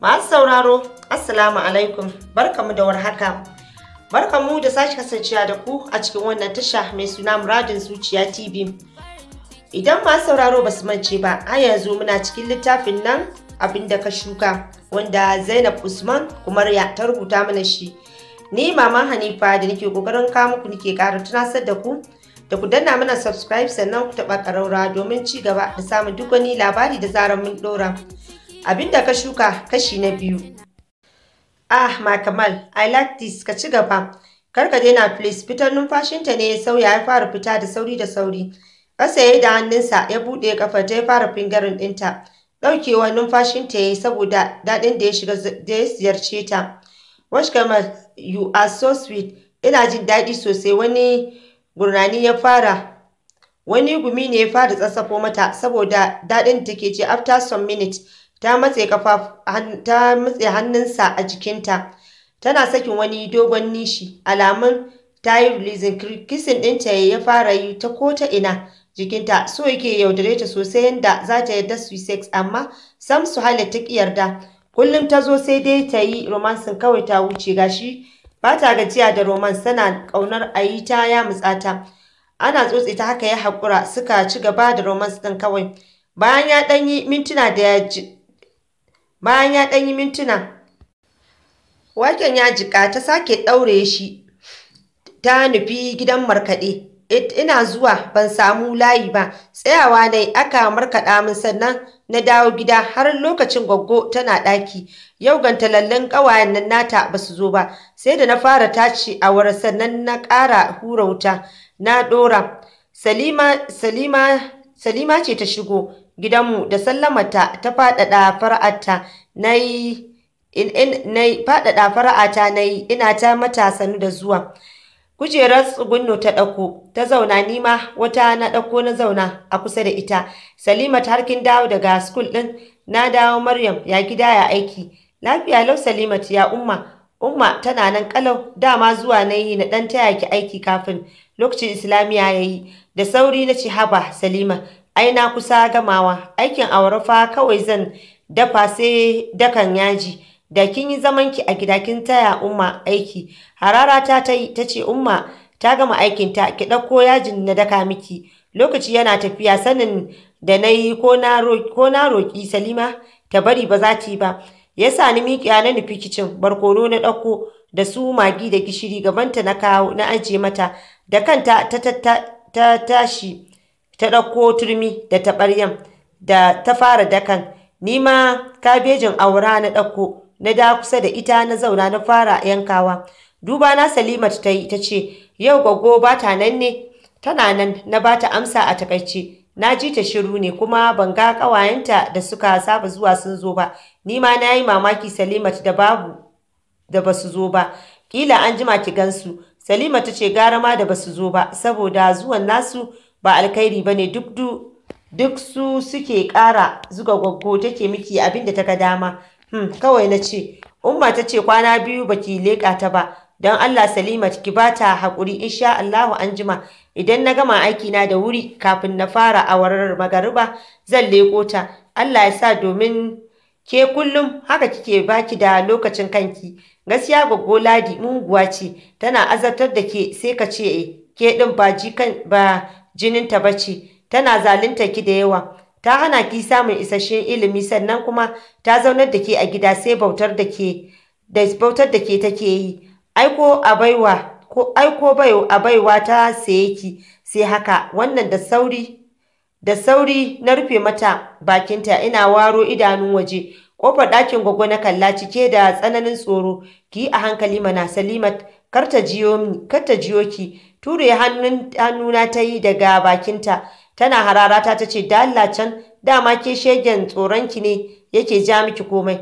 Masu sauraro, Assalamu alaikum, barkamu da warhaka. Barkamu da sashi kasancewa da ku a cikin wannan tasha mai suna muradin zuciya TV. Idan masu sauraro ba su mance ba, a yanzu muna cikin littafin nan abin da ka shuka, wanda Zainab Usman kuma ta rubuta mana shi. Ni Maman Hanifa da nake kokarin kawo muku nake ƙara tunasar da ku da ku danna mana subscribe sannan ku taɓa ƙaraura domin ci gaba da samun duk wani labari da zarar mun ɗora. abinda ka shuka kashi na biyu ah makamal i like this ka ci gaba kar ka daina please fitar numfashinta ne ya sauya ya fara fita da sauri da sauri ƙasa ya yi da hannunsa ya buɗe kafa ta ya fara fingarin ɗinta ɗaukewar numfashinta ya yi saboda daɗin da ya shiga da ya ziyarce ta wash kamal you are so sweet ina jin daɗi sosai wani gurnani ya fara wani gumi ne ya fara tsasafo mata saboda daɗin da take ji after some minutes ta matse ta matse hannunsa a jikinta tana sakin wani dogon nishi alamun ta yi releasing kisin ɗinta ya fara yi ta ko ta ina jikinta so yake yaudare ta sosai yadda za ta yarda su sex amma sam su halitta ta yarda kullum ta zo sai dai ta yi romansin kawai ta wuce gashi ba ta gajiya da romans tana ƙaunar a yi ta ya mutsata ana tsotse ta haka ya haƙura suka ci gaba da romans ɗin kawai bayan ya ɗan yi mintuna da bayan ya ɗan yi mintuna waken ya jika ta sake ɗaure shi ta nufi gidan markaɗe ina zuwa ban samu layi ba tsayawa ne aka markaɗa min sannan na dawo gida har lokacin goggo tana ɗaki yau ganta lallen ƙawayen nan nata ba su zo ba sai da na fara tace a wurin sannan na ƙara hura wuta na ɗora salima ce ta shigo gidanmu da sallamata ta faɗaɗa fara'ata na yi faɗaɗa fara'ata na yi ina ta mata sanu da zuwa kujerar tsugunno ta ɗauko ta zauna nima wata na ɗauko na zauna a kusa da ita salima ta harkin dawo daga skul ɗin na dawo maryam ya gida ya aiki lafiya lau salimat ya umma umma tana nan kalau dama zuwa na yi na ɗan taya ki aiki kafin lokacin islamiyya ya yi da sauri na ci haba salima ai na kusa gamawa aikin awara fa kawai zan dafa sai dakan yaji da kin yi zaman ki a gida kin taya umma aiki harara ta tai ce umma ta gama aikin ta ki ɗauko yajin na daka miki lokaci yana tafiya sanin da na yi ko na roƙi salima ta bari ba za ta yi ba ya ni miki ya na nufi kicin barkono na ɗauko da su magi da gishiri gabanta na kawo na ajiye mata da kanta ta tashi ta ɗauko turmi da taɓaryan da ta fara dakan ni ma kabejin aura na ɗauko na da kusa da ita na zauna na fara yankawa duba na salimat ta yi ta ce yau gwaggo ba ta nan ne tana nan na ba ta amsa a takaice na ji ta shiru ne kuma ban ga ƙawayenta da suka saba zuwa sun zo ba ni ma na yi mamaki salimat da babu da ba su zo ba kila an jima ki gansu salima ta ce gara ma da ba su zo ba saboda zuwan nasu ba alkhairi ba ne duk duk su suke ƙara zuga gwaggo take miki abin da ta ga dama hmm, kawai na ce umma ta ce kwana biyu baki leƙa ta ba don allah salima ki ba ta haƙuri sha allahu anjima idan na gama aiki na da wuri kafin na fara awarar magariba zan leƙo ta allah ya sa domin ke kullum haka kike baki da lokacin kanki gaskiya gwaggo ladi munguwa ce tana azartar da ke sai ka ce eh, ke din ba jikan ba Jinin ta bace, tana zalunta ki da yawa. Ta hana ki samun isasshen ilimi sannan kuma ta zaunar da ke a gida sai bautar da ke da bautar da ke take yi. Aiko a baiwa ko aiko bayo a baiwa ta saye ki sai haka wannan da sauri da sauri na rufe mata bakinta ina waro idanun waje kofar ɗakin gwaggo na kalla cike da tsananin tsoro ki a hankali mana salimat kar ta jiyo ki ture hannuna ta yi daga bakinta tana hararata ta ce da Allah can dama ke shegen tsoronki ne yake ja miki komai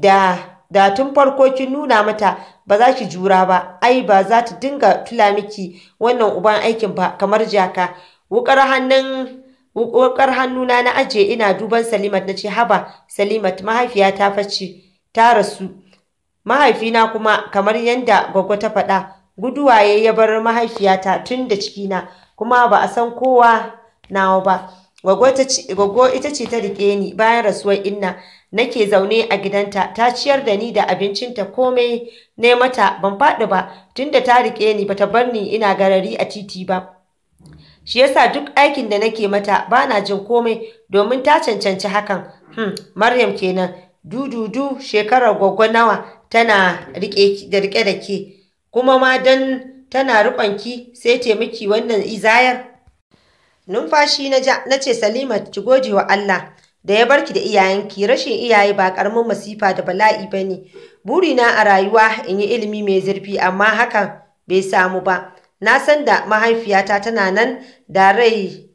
da tun farko kin nuna mata ba za ki jura ba ai ba za ta dinga tula miki wannan uban aikin ba kamar jaka wukar hannun wukar hannuna na aje ina duban Salimat na ce haba Salimat mahaifiya ta face ta rasu mahaifina kuma kamar yadda gwaggo ta faɗa guduwa ya bar mahaifiyata tun da cikina kuma ba a san kowa nawa ba gwaggo ita ce ta rike ni bayan rasuwar inna nake zaune a gidanta ta ciyar da ni da abincinta komai ne mata ban faɗi ba tunda ta riƙe ni bata bar ni ina garari a titi ba shi yasa duk aikin da nake mata bana jin komai domin ta cancanci hakan hmm, maryam kenan dududu shekarar gwaggo nawa tana rike da ke kuma ma dan tana riƙonki sai taimaki wannan izayar numfashi na ce salima ki gode wa Allah da ya barki da iyayenki rashin iyaye ba karamin masifa da bala'i ba ne burina a rayuwa in yi ilimi mai zurfi amma hakan bai samu ba na san da mahaifiyata tana nan da rai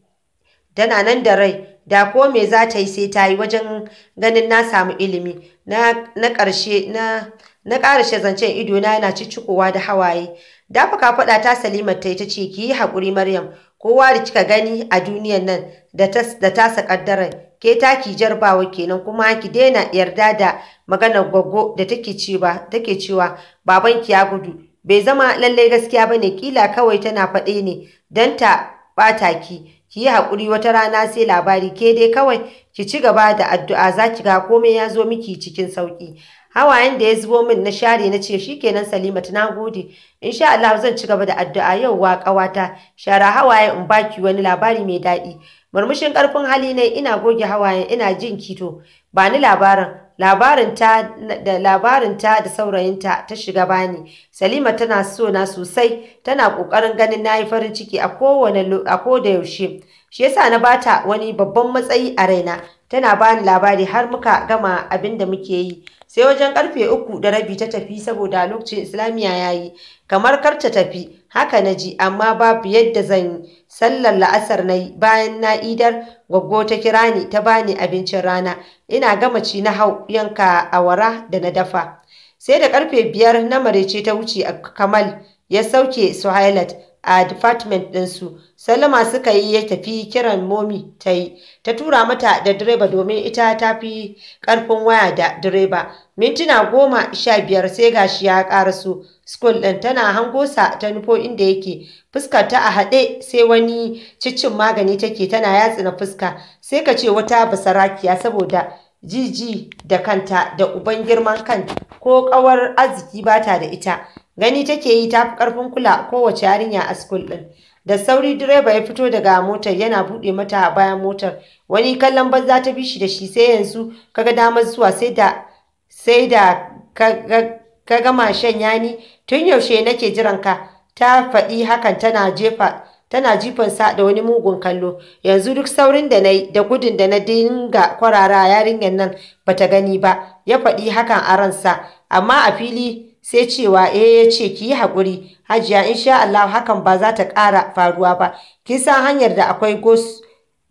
tana nan da rai da ko me za ta yi sai ta yi wajen ganin na samu ilimi na ƙarshe na na ƙarashe zancen idona yana ciccikowa da hawaye dafa faɗa ta salima ta ta ce ki yi haƙuri maryam kowa da kika gani a duniyar nan da ta sakaddarar ke taki jarbawa kenan kuma ki daina yarda da maganar goggo da take cewa take cewa babanki ya gudu bai zama lallai gaskiya ba ne. kila kawai tana faɗe ne don ta ɓata ki ki yi haƙuri wata rana sai labari ke dai kawai ki ci gaba da addu'a za ki ga komai ya zo miki cikin sauƙi hawayen da ya zubo min na share na ce shi shikenan Salima ta gode insha Allah zan ci gaba da addu'a yau wa ƙawata shara hawaye in baki wani labari mai daɗi murmushin karfin hali ne ina goge hawayen ina jin kito ba ni labarin labarin ta da labarin ta da saurayinta ta shiga bani Salima tana so na sosai tana kokarin ganin nayi farin ciki a kowane a koda yaushe shi yasa na bata wani babban matsayi a raina tana bani labari har muka gama abin da muke yi sai wajen karfe uku da rabi ta tafi saboda lokacin islamiyya ya yi kamar kar ta tafi haka na ji amma babu yadda zan yi sallar la'asar na yi bayan na idar gwaggo ta kira ni ta bani abincin rana ina gama ci na hau yanka awara da na dafa sai da karfe biyar na mare ce ta wuce a kamal ya sauke suhailat a department ɗinsu. Salama suka yi ya tafi kiran momi ta yi, ta tura mata da direba domin ita ta fi ƙarfin waya da direba. Mintuna goma sha biyar sai gashi ya ƙaraso. Skul ɗin tana hangosa ta nufo inda yake, fuskar ta a haɗe sai wani ciccin magani take tana yatsina fuska, sai ka ce wata basarakiya saboda jiji da kanta da uban girman kan ko ƙawar arziki bata da ita Gani take yi ta fi ƙarfin kula kowace yarinya a school ɗin. Da sauri direba ya fito daga motar yana buɗe mata bayan motar. Wani kallon banza ta bi shi da shi sai yanzu kaga damar zuwa sai da sai da ka gama shan yani tun yaushe nake jiran ka ta faɗi hakan tana jefa tana jifan sa da wani mugun kallo yanzu duk saurin da na da gudun da na dinga kwarara yarinyar nan bata gani ba ya faɗi hakan a ransa amma a fili sai cewa eh ya ce ki yi haƙuri hajiya in sha Allah hakan ba za ta ƙara faruwa ba kin san hanyar da akwai gos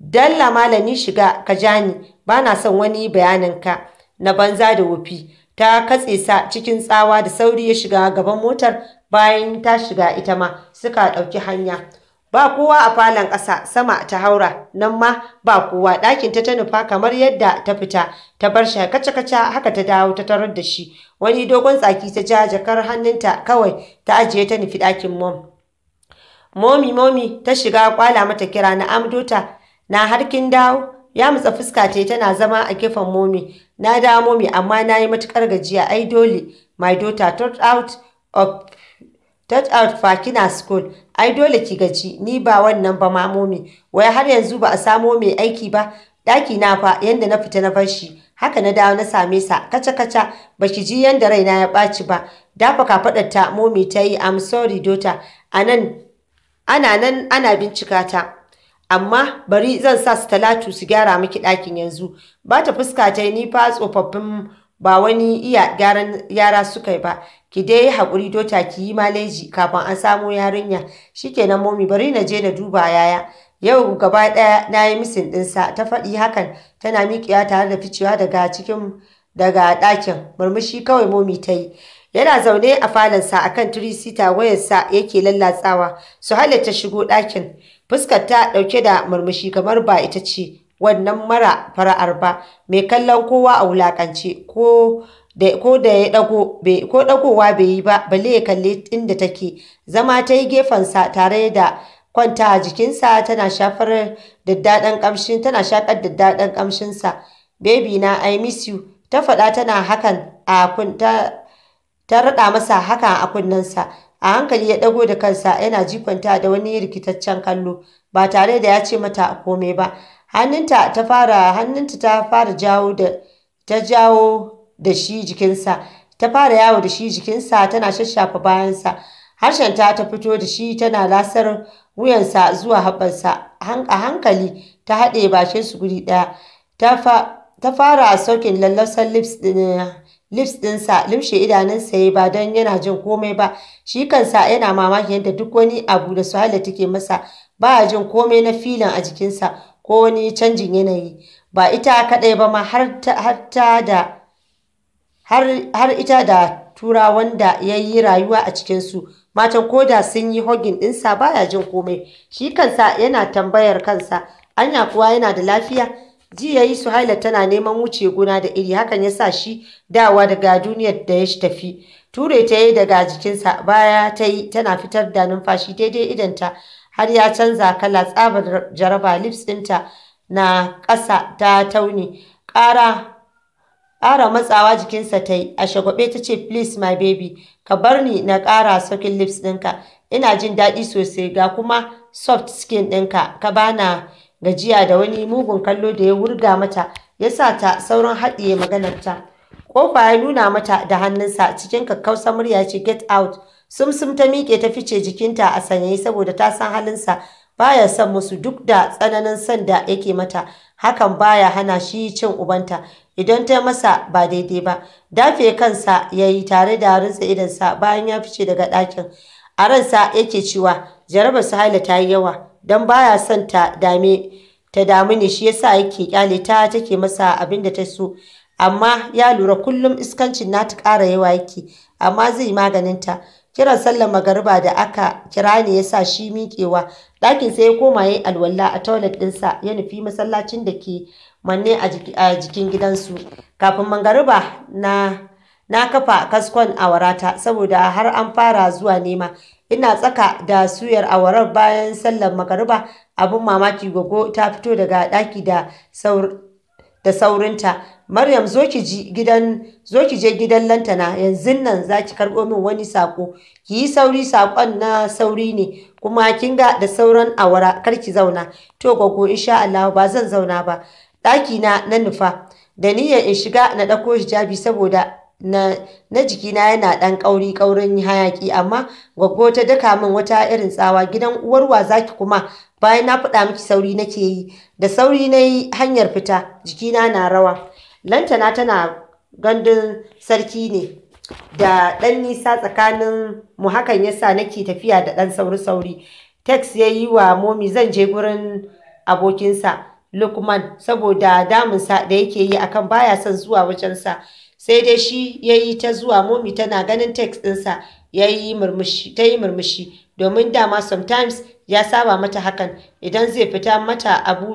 dalla malami shiga ka jani ba son wani bayanin ka na banza da wofi ta katse sa cikin tsawa da sauri ya shiga gaban motar bayan ta shiga ita ma suka ɗauki hanya ba kowa a falon ƙasa sama ta haura nan ma ba kowa ɗakin ta nufa kamar yadda ta fita ta bar shi kaca-kaca haka ta dawo ta tarar da shi wani dogon tsaki ta ja jakar hannunta kawai ta ajiye ta nufi ɗakin mom momi momi ta shiga kwala mata kira na amdota na harkin dawo ya mutsa fuska ta tana zama a gefen momi na dawo momi amma na yi matukar gajiya ai dole my daughter turned out of out for school ai dole ki gaji ni ba wannan ba mamomi wai har yanzu ba a samo mai aiki ba ɗaki na fa yanda na fita na bar shi haka na dawo na same sa kaca kaca baki ji yanda raina ya ɓaci ba dafa kafaɗar ta momi ta yi am sorry dota anan ana nan ana bincika ta amma bari zan sa su talatu su gyara miki ɗakin yanzu ba ta fuska ta ni fa tsofaffin ba wani iya gyaran yara suka yi ba ki dai haƙuri dota ki yi maleji kafin an samo yarinya shikenan momi bari na je na duba yaya yau gaba ɗaya na yi misin ɗinsa ta faɗi hakan tana miƙewa tare da ficewa daga cikin daga ɗakin murmushi kawai momi ta yi yana zaune a falonsa a kan tirisita wayarsa yake lallatsawa su ta shigo ɗakin fuskar ta ɗauke da murmushi kamar ba ita ce wannan mara fara'ar ba mai kallon kowa a wulakance ko da ya bai yi ba bale ya kalli inda take zama ta yi gefensa tare da kwanta a jikinsa tana shafar daddaɗan ƙamshin tana shakar daddaɗan ƙamshinsa baby na i miss you ta faɗa tana hakan a kun ta ta raɗa masa hakan a kunnensa a hankali ya ɗago da kansa yana jikwanta da wani rikitaccen kallo ba tare da ya ce mata komai ba hannunta ta fara hannunta ta fara jawo da ta jawo da shi jikinsa ta fara yawo da shi jikinsa tana shashafa bayansa harshenta ta fito da shi tana lasar wuyansa zuwa haɓarsa a hankali ta haɗe bashin su guri ɗaya ta fara saukin lallasan lips lips ɗinsa limshe idanunsa ya ba don yana jin komai ba shi kansa yana mamaki yadda duk wani abu da suhaila take masa ba jin komai na filin a jikinsa ko wani canjin yanayi ba ita kaɗai ba ma har ita da tura wanda ya yi rayuwa a cikinsu matan koda sun yi hogin ɗinsa baya jin komai shi kansa yana tambayar kansa anya kuwa yana da lafiya ji ya yi suhaila tana neman wuce guna da iri hakan ya sa shi dawa daga duniyar da ya tafi ture ta yi daga jikinsa baya ta yi tana fitar da numfashi daidai idanta har ya canza kala tsabar jaraba lips ɗinta na ƙasa ta tauni ƙara ƙara matsawa jikinsa ta yi a shagwabe ta ce please my baby ka bar ni na ƙara sokin lips ɗinka ina jin daɗi sosai ga kuma soft skin ɗinka ka bana gajiya da wani mugun kallo da ya wurga mata ya sa ta saurin haɗiye maganarta kofa ya nuna mata da hannunsa cikin kakkausar murya ce get out sumsum ta miƙe ta fice jikinta a sanyayi saboda ta san halinsa baya san musu duk da tsananin sanda da yake mata hakan baya hana shi cin ubanta idan ta masa ba daidai ba dafe kansa ya yi tare da rinsa idansa bayan ya fice daga ɗakin a ransa yake cewa jarabar su haila ta yi yawa don baya son ta dame ta damu ne shi yasa yake kyale ta take masa abin da ta so amma ya lura kullum iskancin nata ƙara yawa yake amma zai maganinta kiran sallar magariba da aka kira ne ya sa shi miƙewa ɗakin sai ya koma ya yi alwala a toilet ɗinsa ya nufi masallacin da ke manne a jikin gidansu kafin magariba na na kafa kaskon awarata saboda har an fara zuwa nema ina tsaka da suyar awarar bayan sallar magariba abin mamaki gogo ta fito daga ɗaki da saurinta Maryam zo ki je gidan lantana yanzu nan za ki karɓo min wani sako ki yi sauri sakon na sauri ne kuma kin ga da sauran awara kar ki zauna to gogo insha Allah ba zan zauna ba ɗaki na na nufa da niyyar in shiga na ɗauko hijabi saboda na, na jikina yana ɗan ƙauri ƙaurin hayaƙi amma gogo ta daka min wata irin tsawa gidan uwarwa zaki kuma bayan na faɗa miki sauri nake yi da sauri na yi hanyar fita jikina na rawa lantana tana gandun sarki ne da ɗan nisa tsakanin mu hakan yasa nake tafiya da ɗan sauri-sauri tex ya yi wa momi zan je gurin abokinsa lukman saboda damunsa da yake yi akan baya son zuwa wajensa sai dai shi ya yi ta zuwa momi tana ganin tex ɗinsa ya murmushi ta yi murmushi domin dama sometimes ya saba mata hakan idan zai fita mata abu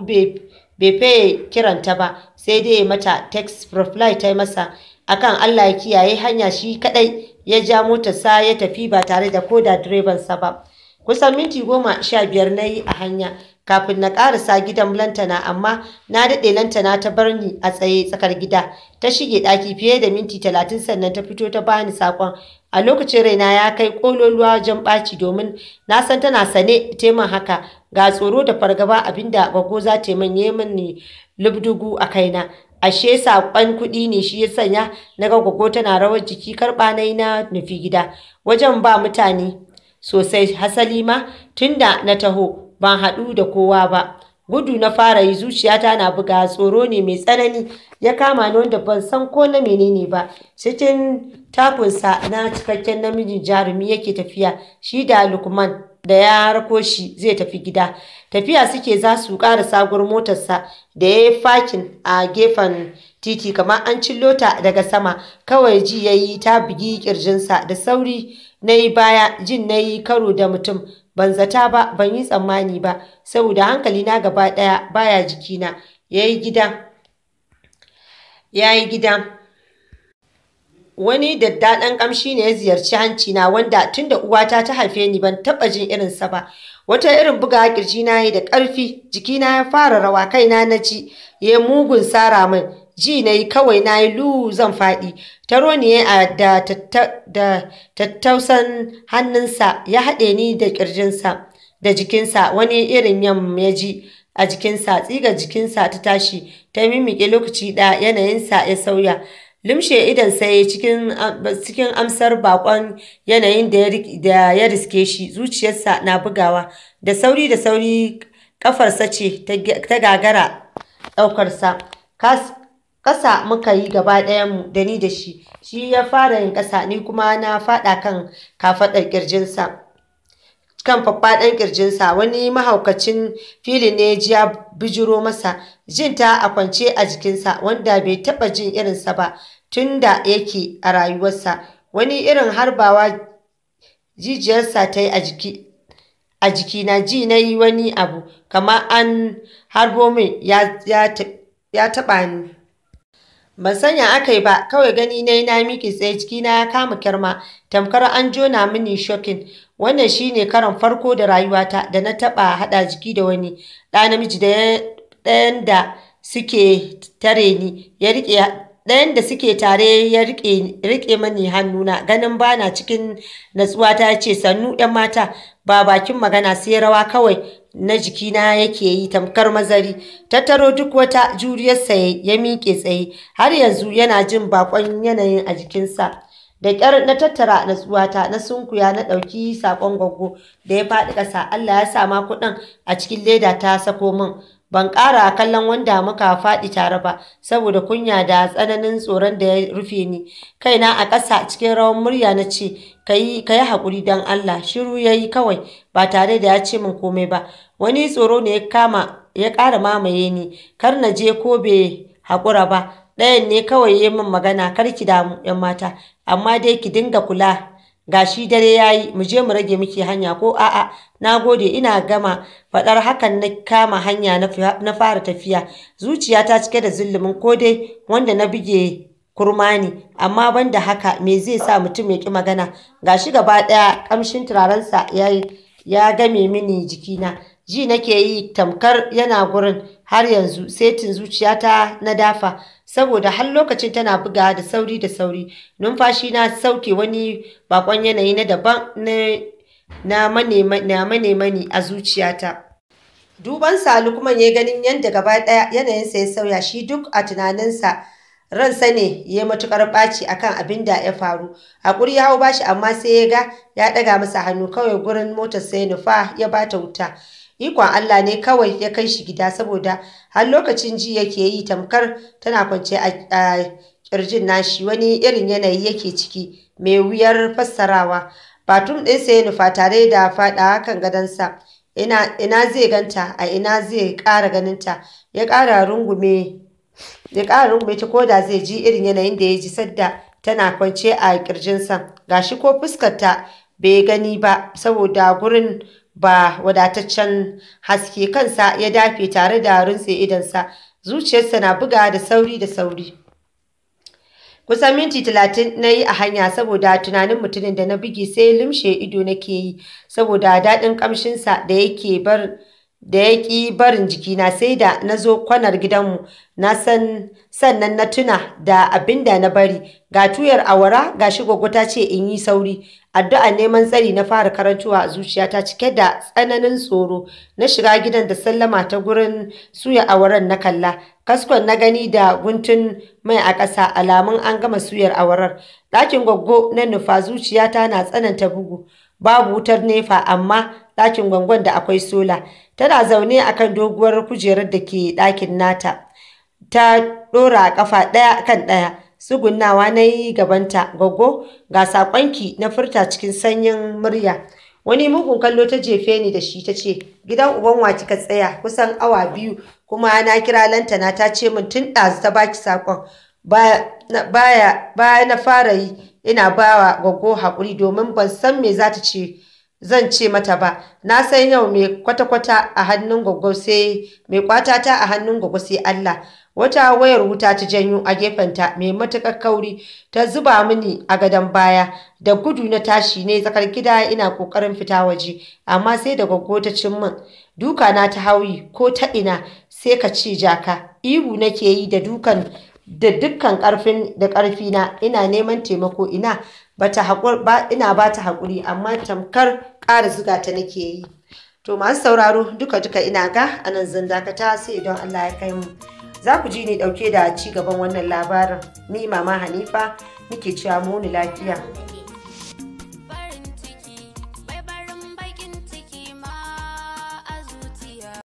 bai faye kiranta ba sai dai ya mata text profile ta masa akan Allah ya kiyaye hanya shi kadai ya ja motar sa ya tafi ba tare da koda direban sa ba kusan minti goma sha biyar na yi a hanya kafin na karasa gidan lantana amma na daɗe lantana ta bar ni a tsaye tsakar gida ta shige ɗaki fiye da minti talatin sannan ta fito ta bani saƙon a lokacin raina ya kai kololuwa wajen ɓaci domin na san tana sane taiman haka ga tsoro da fargaba abinda gwaggo za ta manye mini lubdugu a kaina ashe saƙon kuɗi ne shi ya sanya na ga gwaggo tana rawar jiki karɓa na na nufi gida wajen ba mutane sosai hasali ma tunda na taho ban haɗu da kowa ba gudu na fara yi zuciyata na buga tsoro ne mai tsanani ya kama ni wanda ban san ko na menene ba cikin takunsa na cikakken namiji jarumi yake tafiya shi da lukman da ya rako shi zai tafi gida tafiya suke za su ƙara sabuwar motarsa da ya yi fakin a gefen titi kamar an cillo ta daga sama kawai ji ya yi ta bugi ƙirjinsa da sauri na yi baya jin na yi karo da mutum ban zata ba ban yi tsammani ba saboda hankali na gaba daya baya jikina yayi Ya yayi gidan wani daddaɗan ƙamshi ne ya ziyarci hanci na wanda tunda uwata ta haife ni ban taɓa jin irinsa ba wata irin buga kirji na yi da ƙarfi jikina ya fara rawa kaina na ji ya mugun sara min ji na yi kawai na yi lu zan faɗi taro ne da tattausan hannunsa ya haɗe ni da ƙirjinsa da jikinsa wani irin yam ya ji a jikinsa tsiga jikinsa ta tashi ta mimike lokaci ɗaya yanayinsa ya sauya lumshe idan sai cikin amsar bakon yanayin da ya riske shi zuciyarsa na bugawa da sauri da sauri kafarsa ce ta gagara ɗaukarsa ƙasa muka yi gaba mu da ni da shi shi ya fara yin ƙasa ni kuma na faɗa kan kafaɗar ƙirjinsa kan faffaɗan ƙirjinsa wani mahaukacin fili ne ya bijiro masa jinta a kwance a jikinsa wanda bai taɓa jin irinsa ba tun da yake a rayuwarsa wani irin harbawa jijiyarsa ta yi a jiki a na ji na yi wani abu kamar an harbo min ya taɓa ni ban sanya aka yi ba kawai gani na yi na miki tsaye jikina ya kama kyarma tamkar an jona mini shokin wannan shine karan farko da rayuwata da na taɓa haɗa jiki da wani ɗa namiji da ɗayan da suke tare ni ya riƙe ɗayan da suke tare ya riƙe mani hannuna ganin bana cikin natsuwa ta ce sannu ‘yan mata ba bakin magana sai rawa kawai na jikina yake yi tamkar mazari tattaro duk wata juriyarsa ya miƙe tsaye har yanzu yana jin bakon yanayin a jikinsa da ƙyar na tattara natsuwata na sunkuya na ɗauki saƙon gwaggo da ya faɗi ƙasa Allah ya sa ma kuɗin a cikin leda ta sako min Ban ƙara kallon wanda muka faɗi tare ba saboda kunya da tsananin tsoron da ya rufe ni. Kaina a ƙasa cikin rawan murya na ce, ka yi haƙuri don Allah, shiru ya yi kawai ba tare da ya ce min komai ba. Wani tsoro ne ya kama ƙara mamaye ni, kar na je ko bai haƙura ba. Ɗayan ne kawai ya yi min magana, kar ki damu ‘yan mata, amma dai ki dinga kula gashi dare yayi mu je mu rage miki hanya ko a'a na gode ina gama faɗar hakan na kama hanya na fara tafiya Zuciya ta cike da zulumin ko dai wanda na bige kurma ne amma banda haka me zai sa mutum ya ki magana gashi gaba ɗaya ƙamshin turarensa ya game mini jikina ji nake yi tamkar yana gurin har yanzu setin zuciyata na dafa saboda har lokacin tana buga da sauri da sauri numfashi na sauke wani bakon yanayi na daban na manemani a zuciyata duban salukman kuma ya ganin yadda gaba ɗaya yanayinsa ya sauya shi duk a tunaninsa ran sane ya matukar ɓaci akan abin da ya faru Haƙuri ya hau bashi amma sai ya ga ya ɗaga masa hannu kawai gurin motar sai nufa ya bata wuta ikon Allah ne kawai ya kai shi gida saboda har lokacin ji yake yi tamkar tana kwance a kirjin nashi wani irin yanayi yake ciki mai wuyar fassarawa batun ɗin sai nufa tare da faɗa kan sa. ina zai ganta a ina zai ƙara ganinta ya ƙara rungume ya ƙara rungume ta koda zai ji irin yanayin da ya ji sadda tana kwance a kirjinsa shi ko fuskarta bai gani ba saboda gurin ba wadataccen haske kansa ya dafe tare da runtse idansa zuciyarsa na buga da sauri da sauri kusan minti talatin na yi a hanya saboda tunanin mutumin da na buge sai limshe ido nake yi saboda daɗin ƙamshinsa da yake bar da ya ƙi barin jikina sai da na zo kwanar gidanmu na san sannan na tuna da abin da na bari ga tuyar awara ga shi ta ce in yi sauri addu'a neman tsari na fara karantuwa a zuciyata cike da tsananin tsoro na shiga gidan da sallama ta gurin suya awaran na kalla kaskon na gani da guntun mai a ƙasa alamun an gama suyar awarar ɗakin gwaggo na nufa zuciyata na tsananta bugu babu wutar nefa amma ɗakin gwangon da akwai sola Tana zaune a kan doguwar kujerar da ke ɗakin nata. Ta ɗora ƙafa ɗaya kan ɗaya. Tsugunnawa na yi gabanta, gogo ga saƙonki na furta cikin sanyin murya. Wani mugun kallo ta jefe ni da shi ta ce, Gidan uban wa kika tsaya kusan awa biyu kuma na kira lantana ta ce min tun ɗazu ta baki saƙon. Baya, na fara yi ina bawa gogo haƙuri domin ban san me za ta ce zan ce mata ba na san yau mai kwata-kwata a hannun gwaggo sai mai kwatata a hannun gwaggo sai Allah wata wayar wuta ta janyo a gefenta mai matuƙar kauri ta zuba mini a gadon baya da gudu na tashi ne tsakar gida ina ƙoƙarin fita waje amma sai da gwaggo ta cin min duka na ta hauyi ko ta ina sai ka ce jaka ihu nake yi da dukan da dukkan karfin da ƙarfina ina neman taimako ina ina ba ta hakuri, amma tamkar ƙara zuga ta nake yi to masu sauraro duka duka ina ga anan zan dakata sai idan Allah ya kai mu za ku ji ni ɗauke da ci gaban wannan labarin ni mama Hanifa nake cewa mu lafiya